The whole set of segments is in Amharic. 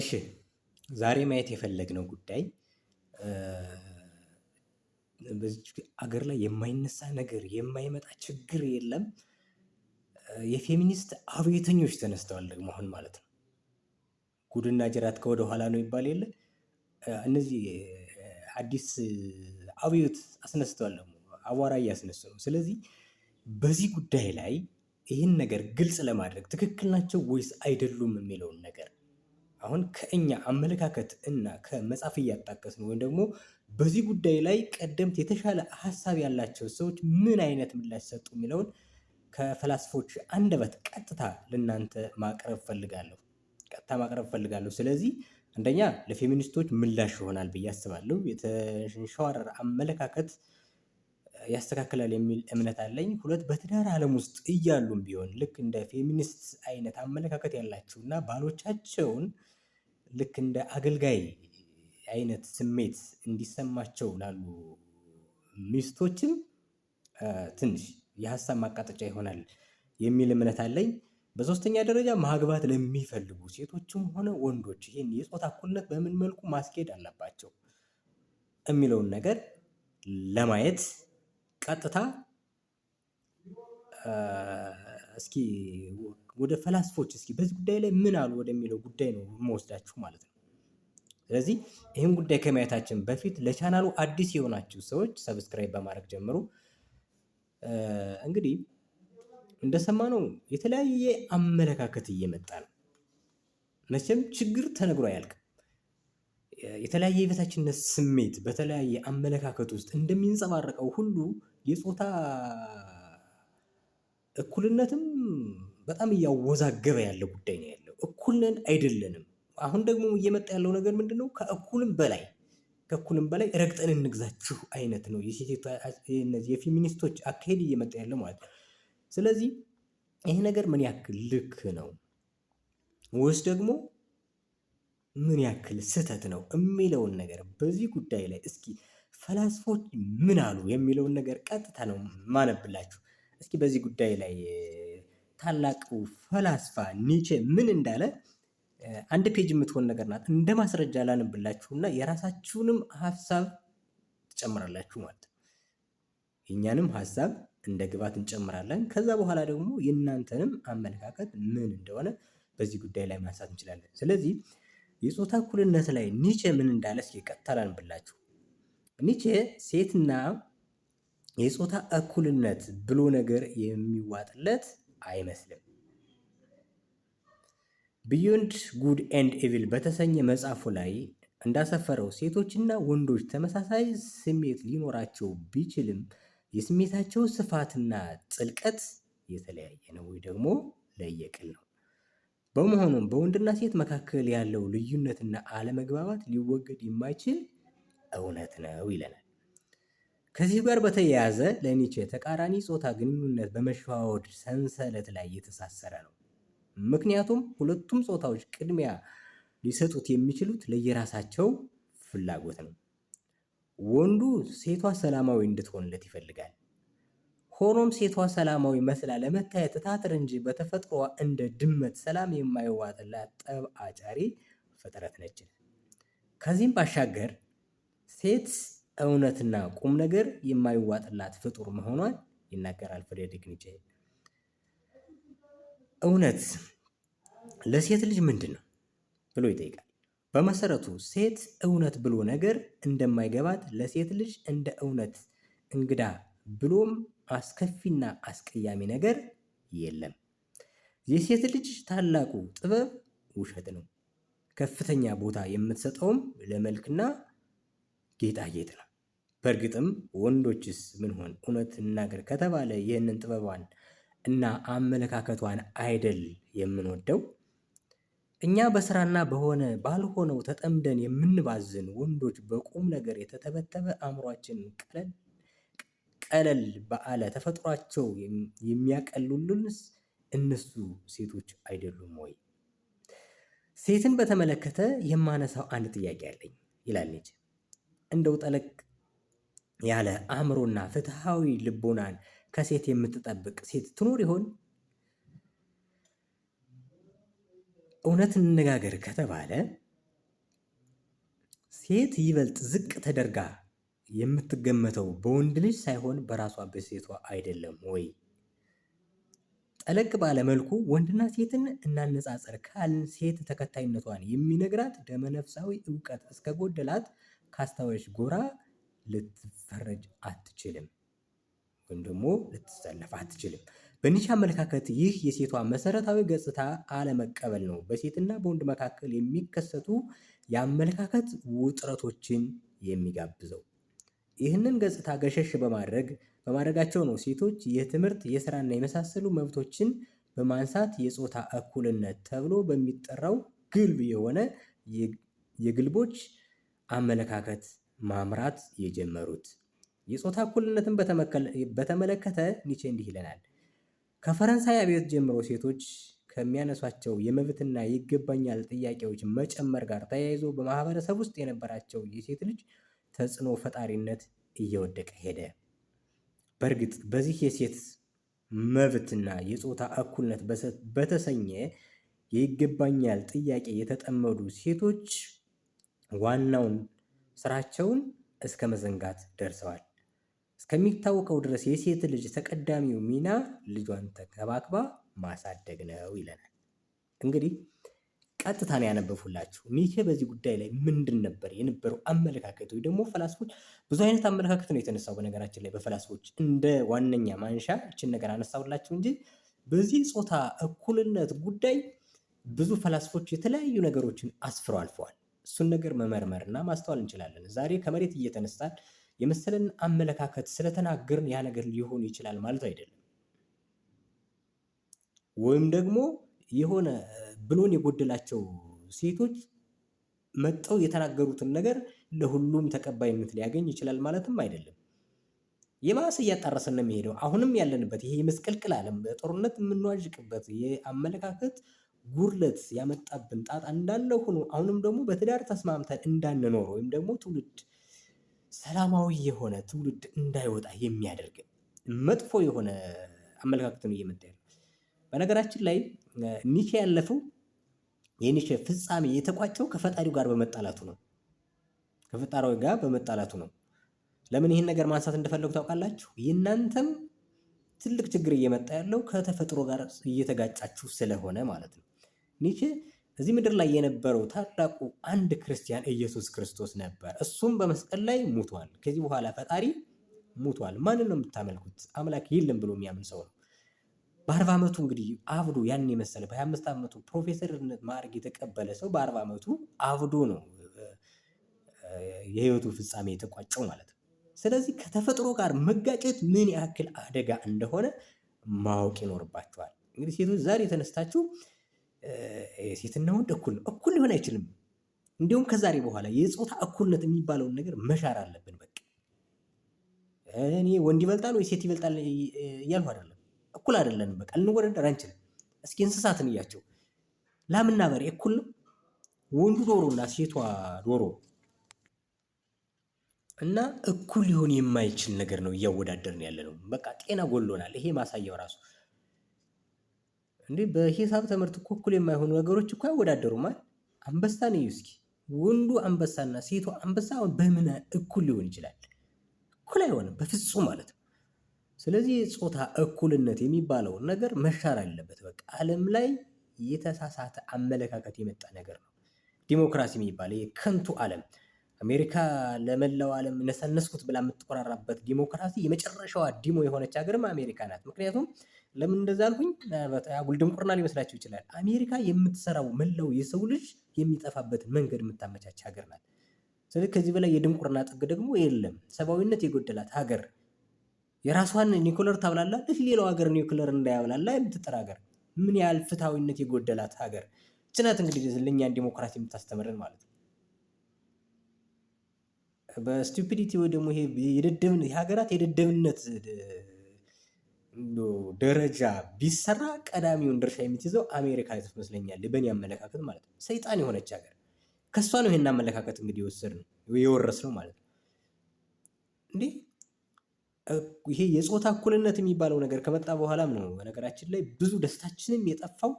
እሺ ዛሬ ማየት የፈለግነው ጉዳይ አገር ላይ የማይነሳ ነገር የማይመጣ ችግር የለም። የፌሚኒስት አብዮተኞች ተነስተዋል ደግሞ አሁን ማለት ነው። ጉድና ጅራት ከወደኋላ ነው ይባል የለ እነዚህ አዲስ አብዮት አስነስተዋል ደግሞ አቧራ እያስነሱ ነው። ስለዚህ በዚህ ጉዳይ ላይ ይህን ነገር ግልጽ ለማድረግ ትክክል ናቸው ወይስ አይደሉም የሚለውን ነገር አሁን ከእኛ አመለካከት እና ከመጽሐፍ እያጣቀስ ነው ወይም ደግሞ በዚህ ጉዳይ ላይ ቀደምት የተሻለ ሀሳብ ያላቸው ሰዎች ምን አይነት ምላሽ ሰጡ የሚለውን ከፈላስፎች አንደበት ቀጥታ ለእናንተ ማቅረብ ፈልጋለሁ ቀጥታ ማቅረብ ፈልጋለሁ። ስለዚህ አንደኛ ለፌሚኒስቶች ምላሽ ይሆናል ብዬ አስባለሁ። የተንሸዋረረ አመለካከት ያስተካክላል የሚል እምነት አለኝ። ሁለት በትዳር ዓለም ውስጥ እያሉም ቢሆን ልክ እንደ ፌሚኒስት አይነት አመለካከት ያላቸው እና ባሎቻቸውን ልክ እንደ አገልጋይ አይነት ስሜት እንዲሰማቸው ላሉ ሚስቶችም ትንሽ የሀሳብ ማቃጠጫ ይሆናል የሚል እምነት አለኝ። በሶስተኛ ደረጃ ማግባት ለሚፈልጉ ሴቶችም ሆነ ወንዶች ይህን የጾታ እኩልነት በምን መልኩ ማስኬድ አለባቸው የሚለውን ነገር ለማየት ቀጥታ እስኪ ወደ ፈላስፎች እስኪ በዚህ ጉዳይ ላይ ምን አሉ ወደሚለው ጉዳይ ነው የምወስዳችሁ ማለት ነው። ስለዚህ ይህን ጉዳይ ከማየታችን በፊት ለቻናሉ አዲስ የሆናችሁ ሰዎች ሰብስክራይብ በማድረግ ጀምሩ። እንግዲህ እንደሰማነው የተለያየ አመለካከት እየመጣ ነው። መቼም ችግር ተነግሮ አያልቅም። የተለያየ የበታችነት ስሜት በተለያየ አመለካከት ውስጥ እንደሚንጸባረቀው ሁሉ የፆታ እኩልነትም በጣም እያወዛገበ ያለ ጉዳይ ነው ያለው። እኩል ነን አይደለንም። አሁን ደግሞ እየመጣ ያለው ነገር ምንድን ነው? ከእኩልም በላይ ከእኩልም በላይ ረግጠን እንግዛችሁ አይነት ነው የፌሚኒስቶች አካሄድ እየመጣ ያለው ማለት ነው። ስለዚህ ይሄ ነገር ምን ያክል ልክ ነው ወይስ ደግሞ ምን ያክል ስህተት ነው የሚለውን ነገር በዚህ ጉዳይ ላይ እስኪ ፈላስፎች ምን አሉ የሚለውን ነገር ቀጥታ ነው ማነብላችሁ። እስኪ በዚህ ጉዳይ ላይ ታላቁ ፈላስፋ ኒቼ ምን እንዳለ አንድ ፔጅ የምትሆን ነገር ናት። እንደ ማስረጃ ላንብላችሁና የራሳችሁንም ሀሳብ ትጨምራላችሁ ማለት ነው። የእኛንም ሀሳብ እንደ ግብዓት እንጨምራለን። ከዛ በኋላ ደግሞ የእናንተንም አመለካከት ምን እንደሆነ በዚህ ጉዳይ ላይ ማንሳት እንችላለን። ስለዚህ የጾታ እኩልነት ላይ ኒቼ ምን እንዳለ እስኪ ቀጥታ ላንብላችሁ። ኒቼ ሴትና የጾታ እኩልነት ብሎ ነገር የሚዋጥለት አይመስልም። ቢዮንድ ጉድ ኤንድ ኢቪል በተሰኘ መጽሐፉ ላይ እንዳሰፈረው ሴቶችና ወንዶች ተመሳሳይ ስሜት ሊኖራቸው ቢችልም የስሜታቸው ስፋትና ጥልቀት የተለያየ ነው ወይ ደግሞ ለየቅል ነው። በመሆኑም በወንድና ሴት መካከል ያለው ልዩነትና አለመግባባት ሊወገድ የማይችል እውነት ነው ይለናል። ከዚህ ጋር በተያያዘ ለኒቼ ተቃራኒ ጾታ ግንኙነት በመሸዋወድ ሰንሰለት ላይ የተሳሰረ ነው። ምክንያቱም ሁለቱም ጾታዎች ቅድሚያ ሊሰጡት የሚችሉት ለየራሳቸው ፍላጎት ነው። ወንዱ ሴቷ ሰላማዊ እንድትሆንለት ይፈልጋል። ሆኖም ሴቷ ሰላማዊ መስላ ለመታየት ታትር እንጂ በተፈጥሮዋ እንደ ድመት ሰላም የማይዋጥላት ጠብ አጫሪ ፍጥረት ነች። ከዚህም ባሻገር ሴት እውነትና ቁም ነገር የማይዋጥላት ፍጡር መሆኗን ይናገራል ፍሬድሪክ ኒቼ። እውነት ለሴት ልጅ ምንድን ነው ብሎ ይጠይቃል። በመሰረቱ ሴት እውነት ብሎ ነገር እንደማይገባት ለሴት ልጅ እንደ እውነት እንግዳ ብሎም አስከፊና አስቀያሚ ነገር የለም። የሴት ልጅ ታላቁ ጥበብ ውሸት ነው። ከፍተኛ ቦታ የምትሰጠውም ለመልክና ጌጣጌጥ ነው። በእርግጥም ወንዶችስ ምን ሆን እውነት እናገር ከተባለ ይህንን ጥበቧን እና አመለካከቷን አይደል የምንወደው። እኛ በስራና በሆነ ባልሆነው ተጠምደን የምንባዝን ወንዶች በቁም ነገር የተተበተበ አእምሯችን ቀለል ቀለል በአለ ተፈጥሯቸው የሚያቀሉልንስ እነሱ ሴቶች አይደሉም ወይ? ሴትን በተመለከተ የማነሳው አንድ ጥያቄ አለኝ ይላለች። እንደው ጠለቅ ያለ አእምሮና ፍትሃዊ ልቦናን ከሴት የምትጠብቅ ሴት ትኖር ይሆን? እውነት እንነጋገር ከተባለ ሴት ይበልጥ ዝቅ ተደርጋ የምትገመተው በወንድ ልጅ ሳይሆን በራሷ በሴቷ አይደለም ወይ? ጠለቅ ባለ መልኩ ወንድና ሴትን እናነጻጸር ካልን ሴት ተከታይነቷን የሚነግራት ደመነፍሳዊ እውቀት እስከ ጎደላት ጎራ ልትፈረጅ አትችልም ወይም ደግሞ ልትሰለፍ አትችልም። በኒሽ አመለካከት ይህ የሴቷ መሰረታዊ ገጽታ አለመቀበል ነው። በሴትና በወንድ መካከል የሚከሰቱ የአመለካከት ውጥረቶችን የሚጋብዘው ይህንን ገጽታ ገሸሽ በማድረግ በማድረጋቸው ነው ሴቶች የትምህርት የስራና የመሳሰሉ መብቶችን በማንሳት የጾታ እኩልነት ተብሎ በሚጠራው ግልብ የሆነ የግልቦች አመለካከት ማምራት የጀመሩት። የጾታ እኩልነትን በተመለከተ ኒቼ እንዲህ ይለናል። ከፈረንሳይ አብዮት ጀምሮ ሴቶች ከሚያነሷቸው የመብትና ይገባኛል ጥያቄዎች መጨመር ጋር ተያይዞ በማህበረሰብ ውስጥ የነበራቸው የሴት ልጅ ተጽዕኖ ፈጣሪነት እየወደቀ ሄደ። በእርግጥ በዚህ የሴት መብትና የፆታ እኩልነት በተሰኘ የይገባኛል ጥያቄ የተጠመዱ ሴቶች ዋናውን ስራቸውን እስከ መዘንጋት ደርሰዋል። እስከሚታወቀው ድረስ የሴት ልጅ ተቀዳሚው ሚና ልጇን ተከባክባ ማሳደግ ነው ይለናል። እንግዲህ ቀጥታ ነው ያነበብኩላችሁ። ሚኬ በዚህ ጉዳይ ላይ ምንድን ነበር የነበረው አመለካከት? ወይ ደግሞ ፈላስፎች ብዙ አይነት አመለካከት ነው የተነሳው። በነገራችን ላይ በፈላስፎች እንደ ዋነኛ ማንሻ እችን ነገር አነሳሁላችሁ እንጂ በዚህ ጾታ እኩልነት ጉዳይ ብዙ ፈላስፎች የተለያዩ ነገሮችን አስፍረው አልፈዋል። እሱን ነገር መመርመር እና ማስተዋል እንችላለን። ዛሬ ከመሬት እየተነሳን የመሰለን አመለካከት ስለተናገርን ያ ነገር ሊሆን ይችላል ማለት አይደለም። ወይም ደግሞ የሆነ ብሎን የጎደላቸው ሴቶች መጠው የተናገሩትን ነገር ለሁሉም ተቀባይነት ሊያገኝ ይችላል ማለትም አይደለም። የባሰ እያጣረሰን ነው የሚሄደው። አሁንም ያለንበት ይሄ የመስቀልቅል ዓለም በጦርነት የምንዋዥቅበት የአመለካከት ጉድለት ያመጣብን ጣጣ እንዳለ ሆኖ አሁንም ደግሞ በትዳር ተስማምተን እንዳንኖር ወይም ደግሞ ትውልድ ሰላማዊ የሆነ ትውልድ እንዳይወጣ የሚያደርግ መጥፎ የሆነ አመለካከት ነው እየመጣ በነገራችን ላይ ኒቼ ያለፈው የኒቼ ፍጻሜ የተቋጨው ከፈጣሪው ጋር በመጣላቱ ነው። ከፈጣሪው ጋር በመጣላቱ ነው። ለምን ይህን ነገር ማንሳት እንደፈለጉ ታውቃላችሁ? የእናንተም ትልቅ ችግር እየመጣ ያለው ከተፈጥሮ ጋር እየተጋጫችሁ ስለሆነ ማለት ነው። ኒቼ እዚህ ምድር ላይ የነበረው ታላቁ አንድ ክርስቲያን ኢየሱስ ክርስቶስ ነበር። እሱም በመስቀል ላይ ሙቷል። ከዚህ በኋላ ፈጣሪ ሙቷል። ማንን ነው የምታመልኩት? አምላክ የለም ብሎ የሚያምን ሰው ነው። በአርባ ዓመቱ እንግዲህ አብዶ ያን የመሰለ በሀያ አምስት ዓመቱ ፕሮፌሰርነት ማዕረግ የተቀበለ ሰው በአርባ ዓመቱ አብዶ ነው የህይወቱ ፍጻሜ የተቋጨው ማለት ነው። ስለዚህ ከተፈጥሮ ጋር መጋጨት ምን ያክል አደጋ እንደሆነ ማወቅ ይኖርባቸዋል። እንግዲህ ሴቶች ዛሬ የተነስታችሁ ሴትና ወንድ እኩል ነው። እኩል ሊሆን አይችልም። እንዲሁም ከዛሬ በኋላ የፆታ እኩልነት የሚባለውን ነገር መሻር አለብን። በቃ እኔ ወንድ ይበልጣል ወይ ሴት ይበልጣል እያልሁ አይደለም። እኩል አይደለንም። በቃ ልንወዳደር አንችልም። እስኪ እንስሳትን እያቸው። ላምና በሬ እኩል ነው። ወንዱ ዶሮ እና ሴቷ ዶሮ እና እኩል ሊሆን የማይችል ነገር ነው እያወዳደርን ያለ ነው። በቃ ጤና ጎሎናል። ይሄ ማሳያው ራሱ እንዴ በሂሳብ ትምህርት እኮ እኩል የማይሆኑ ነገሮች እኮ አያወዳደሩም አንበሳ አንበሳን እስኪ። ወንዱ አንበሳና ሴቱ አንበሳ አሁን በምን እኩል ሊሆን ይችላል? እኩል አይሆንም በፍጹም ማለት ነው። ስለዚህ ጾታ እኩልነት የሚባለውን ነገር መሻር አለበት። በቃ ዓለም ላይ የተሳሳተ አመለካከት የመጣ ነገር ነው። ዲሞክራሲ የሚባለው የከንቱ ዓለም አሜሪካ ለመላው ዓለም ነሳነስኩት ብላ የምትቆራራበት ዲሞክራሲ የመጨረሻዋ ዲሞ የሆነች ሀገርም አሜሪካ ናት። ምክንያቱም ለምን እንደዛ አልኩኝ? ምናልባት አጉል ድንቁርና ሊመስላቸው ይችላል። አሜሪካ የምትሰራው መላው የሰው ልጅ የሚጠፋበትን መንገድ የምታመቻች ሀገር ናት። ስለዚህ ከዚህ በላይ የድንቁርና ጥግ ደግሞ የለም። ሰብአዊነት የጎደላት ሀገር የራሷን ኒውክለር ታብላላ ሌላው ሀገር ኒውክለር እንዳያብላላ የምትጥር ሀገር ምን ያህል ፍትሐዊነት የጎደላት ሀገር ችናት። እንግዲህ ለእኛን ዲሞክራሲ የምታስተምረን ማለት ነው። በስቱፒዲቲ ወይ ደግሞ ይሄ የሀገራት የደደብነት ደረጃ ቢሰራ ቀዳሚውን ድርሻ የምትይዘው አሜሪካ ትመስለኛል፣ በእኔ አመለካከት ማለት ነው። ሰይጣን የሆነች ሀገር ከእሷ ነው ይሄን አመለካከት እንግዲህ የወሰድ ነው የወረስ ነው ማለት ነው። እንዴ ይሄ የፆታ እኩልነት የሚባለው ነገር ከመጣ በኋላም ነው በነገራችን ላይ ብዙ ደስታችንም የጠፋው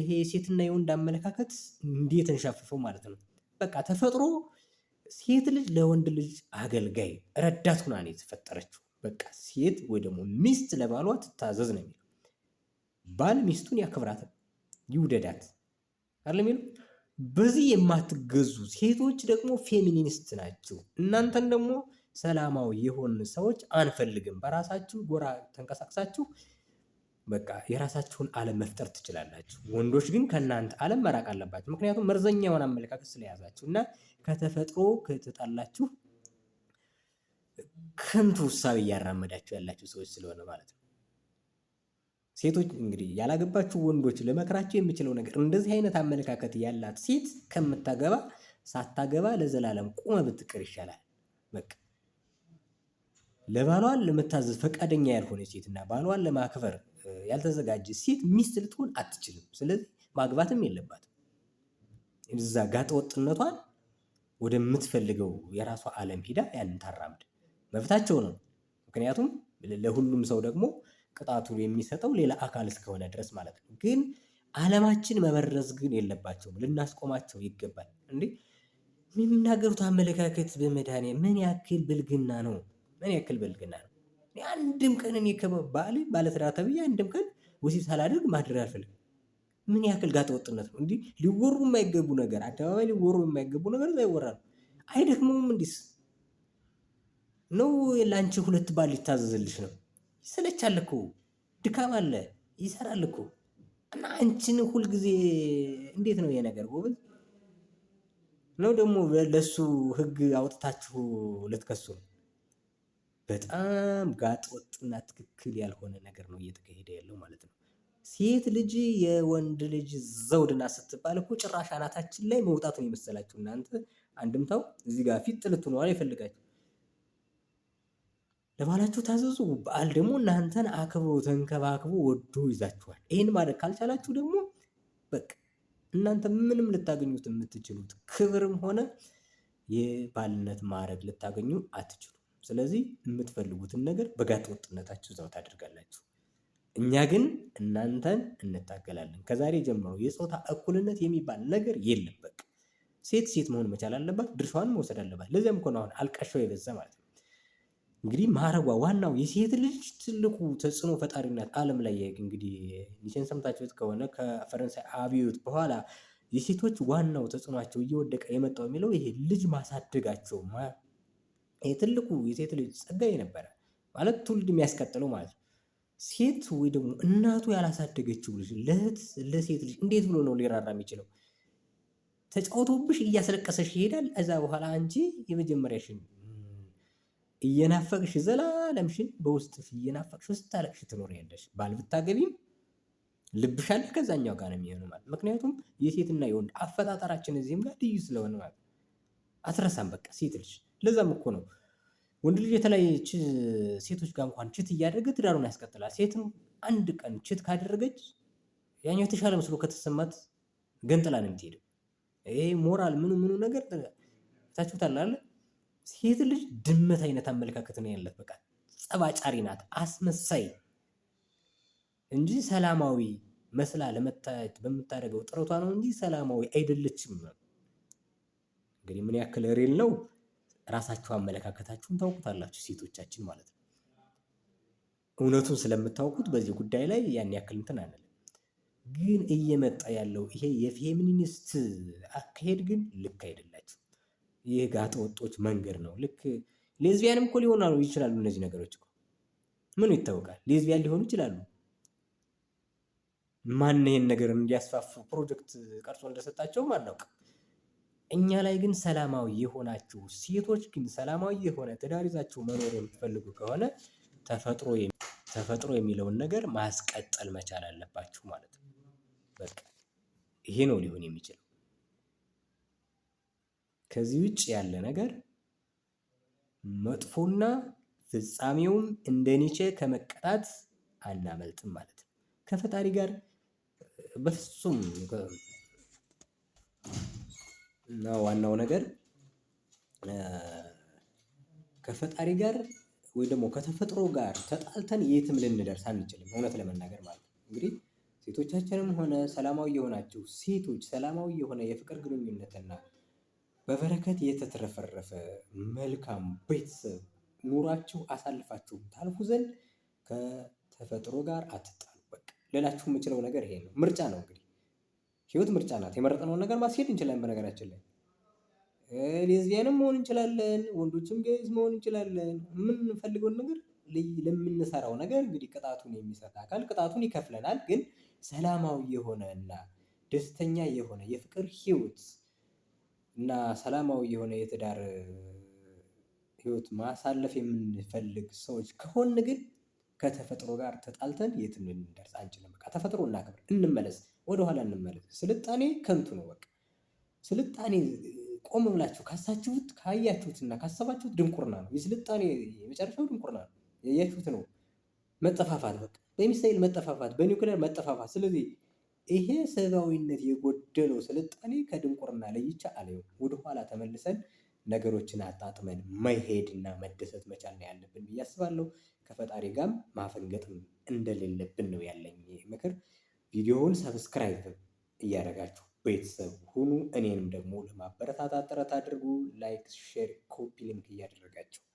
ይሄ የሴትና የወንድ አመለካከት እንዲህ የተንሻፈፈው ማለት ነው። በቃ ተፈጥሮ ሴት ልጅ ለወንድ ልጅ አገልጋይ ረዳት ሆና ነው የተፈጠረችው። በቃ ሴት ወይ ደግሞ ሚስት ለባሏ ትታዘዝ ነው የሚለው። ባል ሚስቱን ያክብራት፣ ይውደዳት አለ የሚለው። በዚህ የማትገዙ ሴቶች ደግሞ ፌሚኒስት ናቸው። እናንተን ደግሞ ሰላማዊ የሆን ሰዎች አንፈልግም። በራሳችሁ ጎራ ተንቀሳቅሳችሁ በቃ የራሳችሁን ዓለም መፍጠር ትችላላችሁ። ወንዶች ግን ከእናንተ ዓለም መራቅ አለባቸው። ምክንያቱም መርዘኛ የሆነ አመለካከት ስለያዛችሁ እና ከተፈጥሮ ከተጣላችሁ ከንቱ ውሳቤ እያራመዳችሁ ያላችሁ ሰዎች ስለሆነ ማለት ነው። ሴቶች እንግዲህ ያላገባችሁ ወንዶች ለመክራችሁ የምችለው ነገር እንደዚህ አይነት አመለካከት ያላት ሴት ከምታገባ ሳታገባ ለዘላለም ቁመ ብትቀር ይሻላል። በቃ ለባሏን ለመታዘዝ ፈቃደኛ ሴት እና ባሏን ለማክበር ያልተዘጋጀ ሴት ሚስት ልትሆን አትችልም። ስለዚህ ማግባትም የለባትም። እዛ ጋጠወጥነቷን ወደምትፈልገው የራሷ ዓለም ሂዳ ያንን ታራምድ። መብታቸው ነው። ምክንያቱም ለሁሉም ሰው ደግሞ ቅጣቱ የሚሰጠው ሌላ አካል እስከሆነ ድረስ ማለት ነው። ግን አለማችን መበረዝ ግን የለባቸውም፣ ልናስቆማቸው ይገባል። እንዴ የሚናገሩት አመለካከት በመድኃኔ ምን ያክል ብልግና ነው! ምን ያክል ብልግና ነው! አንድም ቀን እኔ ከባል ባለትዳር ተብዬ አንድም ቀን ወሲብ ሳላደርግ ማድረግ አልፈልግም። ምን ያክል ጋጠወጥነት ነው! እንዲህ ሊወሩ የማይገቡ ነገር አደባባይ ሊወሩ የማይገቡ ነገር አይወራ አይደክመውም እንዲስ ነው ለአንቺ ሁለት ባል ሊታዘዝልሽ ነው? ይሰለቻል እኮ ድካም አለ ይሰራል እኮ እና አንቺን ሁልጊዜ እንዴት ነው የነገር ጎበዝ ነው ደግሞ ለሱ ህግ አውጥታችሁ ልትከሱ ነው። በጣም ጋጥ ወጥና ትክክል ያልሆነ ነገር ነው እየተካሄደ ያለው ማለት ነው። ሴት ልጅ የወንድ ልጅ ዘውድና ስትባል እኮ ጭራሽ አናታችን ላይ መውጣት ነው የመሰላችሁ እናንተ። አንድምታው እዚህ ጋር ፊት ጥልት ሆነዋል ይፈልጋችሁ ለባላችሁ ታዘዙ። በዓል ደግሞ እናንተን አክብሮ ተንከባክቦ ወዶ ይዛችኋል። ይህን ማድረግ ካልቻላችሁ ደግሞ በቃ እናንተ ምንም ልታገኙት የምትችሉት ክብርም ሆነ የባልነት ማድረግ ልታገኙ አትችሉም። ስለዚህ የምትፈልጉትን ነገር በጋጥ ወጥነታችሁ እዛው ታደርጋላችሁ። እኛ ግን እናንተን እንታገላለን። ከዛሬ ጀምሮ የፆታ እኩልነት የሚባል ነገር የለም። በቃ ሴት ሴት መሆን መቻል አለባት፣ ድርሻዋን መውሰድ አለባት። ለዚያም ከሆነ አሁን አልቃሻው የበዛ ማለት ነው። እንግዲህ ማረጓ ዋናው የሴት ልጅ ትልቁ ተጽዕኖ ፈጣሪነት ዓለም ላይ እንግዲህ ሊሴን ሰምታችሁት ከሆነ ከፈረንሳይ አብዮት በኋላ የሴቶች ዋናው ተጽዕኖቸው እየወደቀ የመጣው የሚለው ይሄ ልጅ ማሳደጋቸው ትልቁ የሴት ልጅ ጸጋ ነበረ ማለት ትውልድ የሚያስቀጥለው ማለት ነው። ሴት ወይ ደግሞ እናቱ ያላሳደገችው ልጅ ለሴት ልጅ እንዴት ብሎ ነው ሊራራ የሚችለው? ተጫውቶብሽ እያስለቀሰሽ ይሄዳል። እዛ በኋላ አንቺ የመጀመሪያሽን እየናፈቅሽ ዘላለምሽን በውስጥሽ እየናፈቅሽ ስታለቅሽ ትኖሪያለሽ። ባል ብታገቢም ልብሽ ከዛኛው ጋር ነው የሚሆነው ማለት ምክንያቱም የሴትና የወንድ አፈጣጠራችን እዚህም ጋር ልዩ ስለሆነ ማለት አትረሳም። በቃ ሴት ልጅ ለዛም እኮ ነው ወንድ ልጅ የተለያየ ሴቶች ጋር እንኳን ችት እያደረገ ትዳሩን ያስቀጥላል። ሴትም አንድ ቀን ችት ካደረገች ያኛው የተሻለ መስሎ ከተሰማት ገንጥላ ነው የምትሄደው። ይሄ ሞራል ምኑ ምኑ ነገር ታችሁታል አለ ሴት ልጅ ድመት አይነት አመለካከት ነው ያለት። በቃ ጸባጫሪ ናት፣ አስመሳይ እንጂ ሰላማዊ መስላ ለመታየት በምታደርገው ጥረቷ ነው እንጂ ሰላማዊ አይደለችም። እንግዲህ ምን ያክል ሬል ነው ራሳችሁ አመለካከታችሁን ታውቁታላችሁ፣ ሴቶቻችን ማለት ነው። እውነቱን ስለምታውቁት በዚህ ጉዳይ ላይ ያን ያክል እንትን አንልም። ግን እየመጣ ያለው ይሄ የፌሚኒስት አካሄድ ግን ልክ አይደላችሁ። ይህ ጋጠ ወጦች መንገድ ነው። ልክ ሌዝቢያንም እኮ ሊሆኑ ይችላሉ። እነዚህ ነገሮች ምኑ ይታወቃል? ሌዝቢያን ሊሆኑ ይችላሉ። ማን ይህን ነገር እንዲያስፋፉ ፕሮጀክት ቀርጾ እንደሰጣቸውም አናውቅም። እኛ ላይ ግን ሰላማዊ የሆናችሁ ሴቶች ግን ሰላማዊ የሆነ ትዳር ይዛችሁ መኖር የምትፈልጉ ከሆነ ተፈጥሮ ተፈጥሮ የሚለውን ነገር ማስቀጠል መቻል አለባችሁ ማለት ነው። በቃ ይሄ ነው ሊሆን የሚችለው። ከዚህ ውጭ ያለ ነገር መጥፎና ፍጻሜውም እንደ ኒቼ ከመቀጣት አናመልጥም ማለት ነው። ከፈጣሪ ጋር በፍጹም እና ዋናው ነገር ከፈጣሪ ጋር ወይ ደግሞ ከተፈጥሮ ጋር ተጣልተን የትም ልንደርስ አንችልም፣ እውነት ለመናገር ማለት ነው። እንግዲህ ሴቶቻችንም ሆነ ሰላማዊ የሆናችሁ ሴቶች ሰላማዊ የሆነ የፍቅር ግንኙነትና በበረከት የተትረፈረፈ መልካም ቤተሰብ ኑሯችሁ አሳልፋችሁ ታልፉ ዘንድ ከተፈጥሮ ጋር አትጣሉ። በቃ ልላችሁ የምችለው ነገር ይሄ ነው። ምርጫ ነው እንግዲህ ህይወት ምርጫ ናት። የመረጥነውን ነገር ማስሄድ እንችላለን። በነገራችን ላይ ሌዝቢያንም መሆን እንችላለን፣ ወንዶችም ገይዝ መሆን እንችላለን። የምንፈልገውን ነገር ለምንሰራው ነገር እንግዲህ ቅጣቱን የሚሰጥ አካል ቅጣቱን ይከፍለናል። ግን ሰላማዊ የሆነ እና ደስተኛ የሆነ የፍቅር ህይወት እና ሰላማዊ የሆነ የትዳር ህይወት ማሳለፍ የምንፈልግ ሰዎች ከሆን ግን ከተፈጥሮ ጋር ተጣልተን የትም ልንደርስ አንችልም። በቃ ተፈጥሮ እናከብር፣ እንመለስ፣ ወደኋላ እንመለስ። ስልጣኔ ከንቱ ነው። በቃ ስልጣኔ ቆም ብላችሁ ካሳችሁት ካያችሁትና ካሰባችሁት ድንቁርና ነው። የስልጣኔ የመጨረሻው ድንቁርና ነው። ያያችሁት ነው መጠፋፋት፣ በቃ በሚሳኤል መጠፋፋት፣ በኒውክሌር መጠፋፋት። ስለዚህ ይሄ ሰብአዊነት የጎደለው ስልጣኔ ከድንቁርና ለይቻ አላየውም። ወደኋላ ተመልሰን ነገሮችን አጣጥመን መሄድና መደሰት መቻል ነው ያለብን ብዬ አስባለሁ። ከፈጣሪ ጋርም ማፈንገጥ እንደሌለብን ነው ያለኝ ምክር። ቪዲዮውን ሰብስክራይብ እያደረጋችሁ ቤተሰብ ሁኑ። እኔንም ደግሞ ለማበረታታት ጥረት አድርጉ። ላይክ፣ ሼር፣ ኮፒ ሊንክ እያደረጋችሁ